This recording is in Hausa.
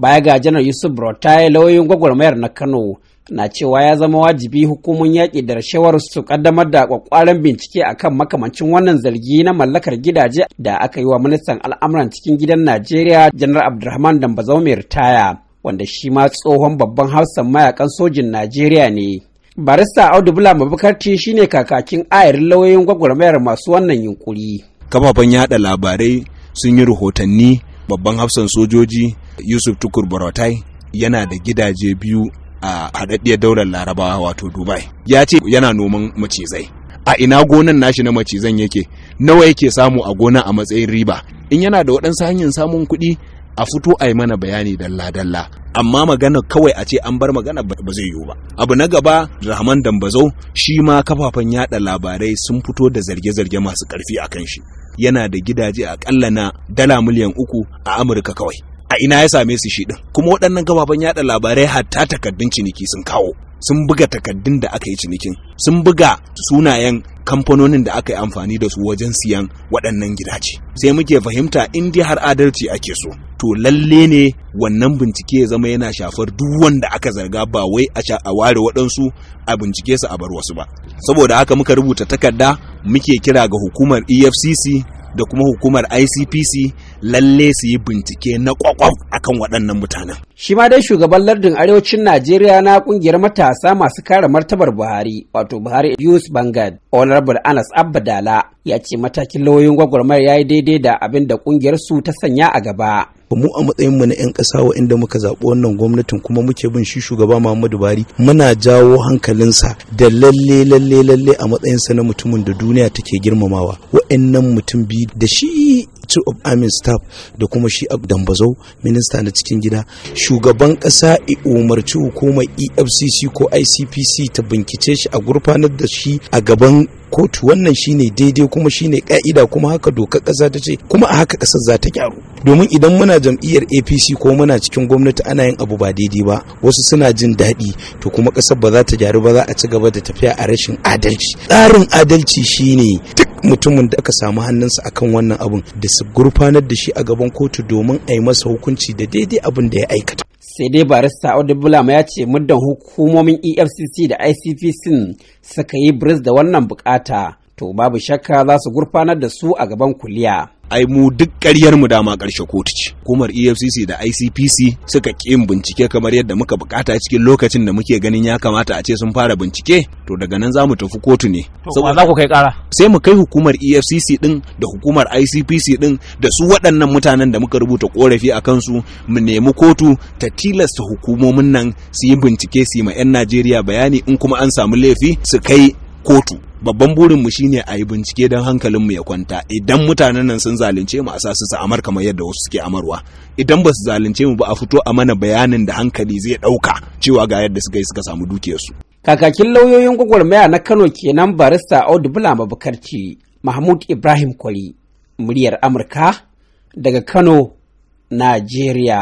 baya ga janar yusuf brotai lauyoyin gwagwarmayar na kano na cewa ya zama wajibi hukumun yaƙi da rashawar su kaddamar da kwakwaran bincike akan makamancin wannan zargi na mallakar gidaje da aka yi wa ministan al'amuran cikin gidan najeriya janar abdulrahman dambazau mai ritaya wanda shi ma tsohon babban hausan mayakan sojin najeriya ne barista audu bula mabukarci shine kakakin ayarin lauyoyin gwagwarmayar masu wannan yunkuri kafafen yada labarai sun yi rahotanni babban hafsan sojoji yusuf tukur Borotai yana da gidaje biyu a haɗaɗɗiyar daular larabawa wato dubai ya ce yana noman macizai a ina gonan nashi na macizan yake nawa yake samu a gona a matsayin riba in yana da waɗansu hanyar samun kuɗi a fito a yi mana bayani dalla-dalla amma magana kawai a ce an bar magana ba zai yiwu ba abu na gaba rahman dambazo shi ma kafafen yada labarai sun fito da zarge-zarge masu karfi a kan shi yana da gidaje akalla na dala miliyan uku a amurka kawai a ina ya same su shi din kuma waɗannan gababan yada labarai hatta takaddun ciniki sun kawo sun buga takaddun da aka yi cinikin sun buga sunayen kamfanonin da aka yi amfani da su wajen siyan waɗannan gidaje sai muke fahimta in dai har adalci ake so to lalle ne wannan bincike ya zama yana shafar duk wanda aka zarga ba wai a ware waɗansu a bincike su a bar wasu ba saboda haka muka rubuta takarda muke kira ga hukumar efcc da kuma hukumar icpc lalle su yi bincike na a kan waɗannan mutanen. Shi ma dai shugaban lardin arewacin Najeriya na ƙungiyar matasa masu kare martabar Buhari wato Buhari Yus Bangad Honorable Anas Abdala ya ce matakin lauyoyin gwagwarmayar ya yi daidai da abin da kungiyar su ta sanya a gaba. mu a matsayinmu na 'yan ƙasa inda muka zaɓi wannan gwamnatin kuma muke bin shi shugaba Muhammadu Buhari muna jawo hankalinsa da lalle lalle lalle a matsayinsa na mutumin da duniya take girmamawa waɗannan mutum biyu da shi chief of army staff da kuma shi dambazau minista na cikin gida shugaban kasa umarci hukumar efcc ko icpc ta bincike shi a gurfanar da shi a gaban kotu wannan shine daidai kuma shine ka'ida kuma haka dokar ƙasa ta ce kuma a haka kasar za ta gyaru domin idan muna jam'iyyar apc ko muna cikin gwamnati ana yin abu ba daidai ba wasu suna jin daɗi to kuma kasar ba za ta gyaru ba za a ci gaba da tafiya a rashin adalci tsarin adalci shine duk mutumin da aka samu hannunsa akan wannan abun da su gurfanar da shi a gaban kotu domin a yi masa hukunci da daidai abin da ya aikata sai dai barista bulama ya ce muddan hukumomin efcc da icpc suka yi bris da wannan bukata to babu shakka za su gurfanar da su a gaban kuliya ai mu duk ƙaryar mu dama ƙarshe kotu ce hukumar efcc da icpc suka ƙin bincike kamar yadda muka bukata cikin lokacin da muke ganin ya kamata a ce sun fara bincike to daga nan za mu tafi kotu ne saboda za ku kai ƙara sai mu kai hukumar efcc din da hukumar icpc din da su waɗannan mutanen da muka rubuta korafi a kansu mu nemi kotu ta tilasta hukumomin nan su yi bincike su yi ma 'yan najeriya bayani in kuma an samu laifi su kai kotu babban burin mu shine a yi bincike don hankalin mu ya kwanta idan mutanen nan sun zalunce mu a sa su amar kamar yadda wasu suke amarwa idan ba su zalunce mu ba a fito a mana bayanin da hankali zai ɗauka cewa ga yadda suka yi suka samu su kakakin lauyoyin gwagwarmaya na Kano kenan barista Audu Bulama Bukarci Mahmud Ibrahim Kwari muryar Amurka daga Kano Najeriya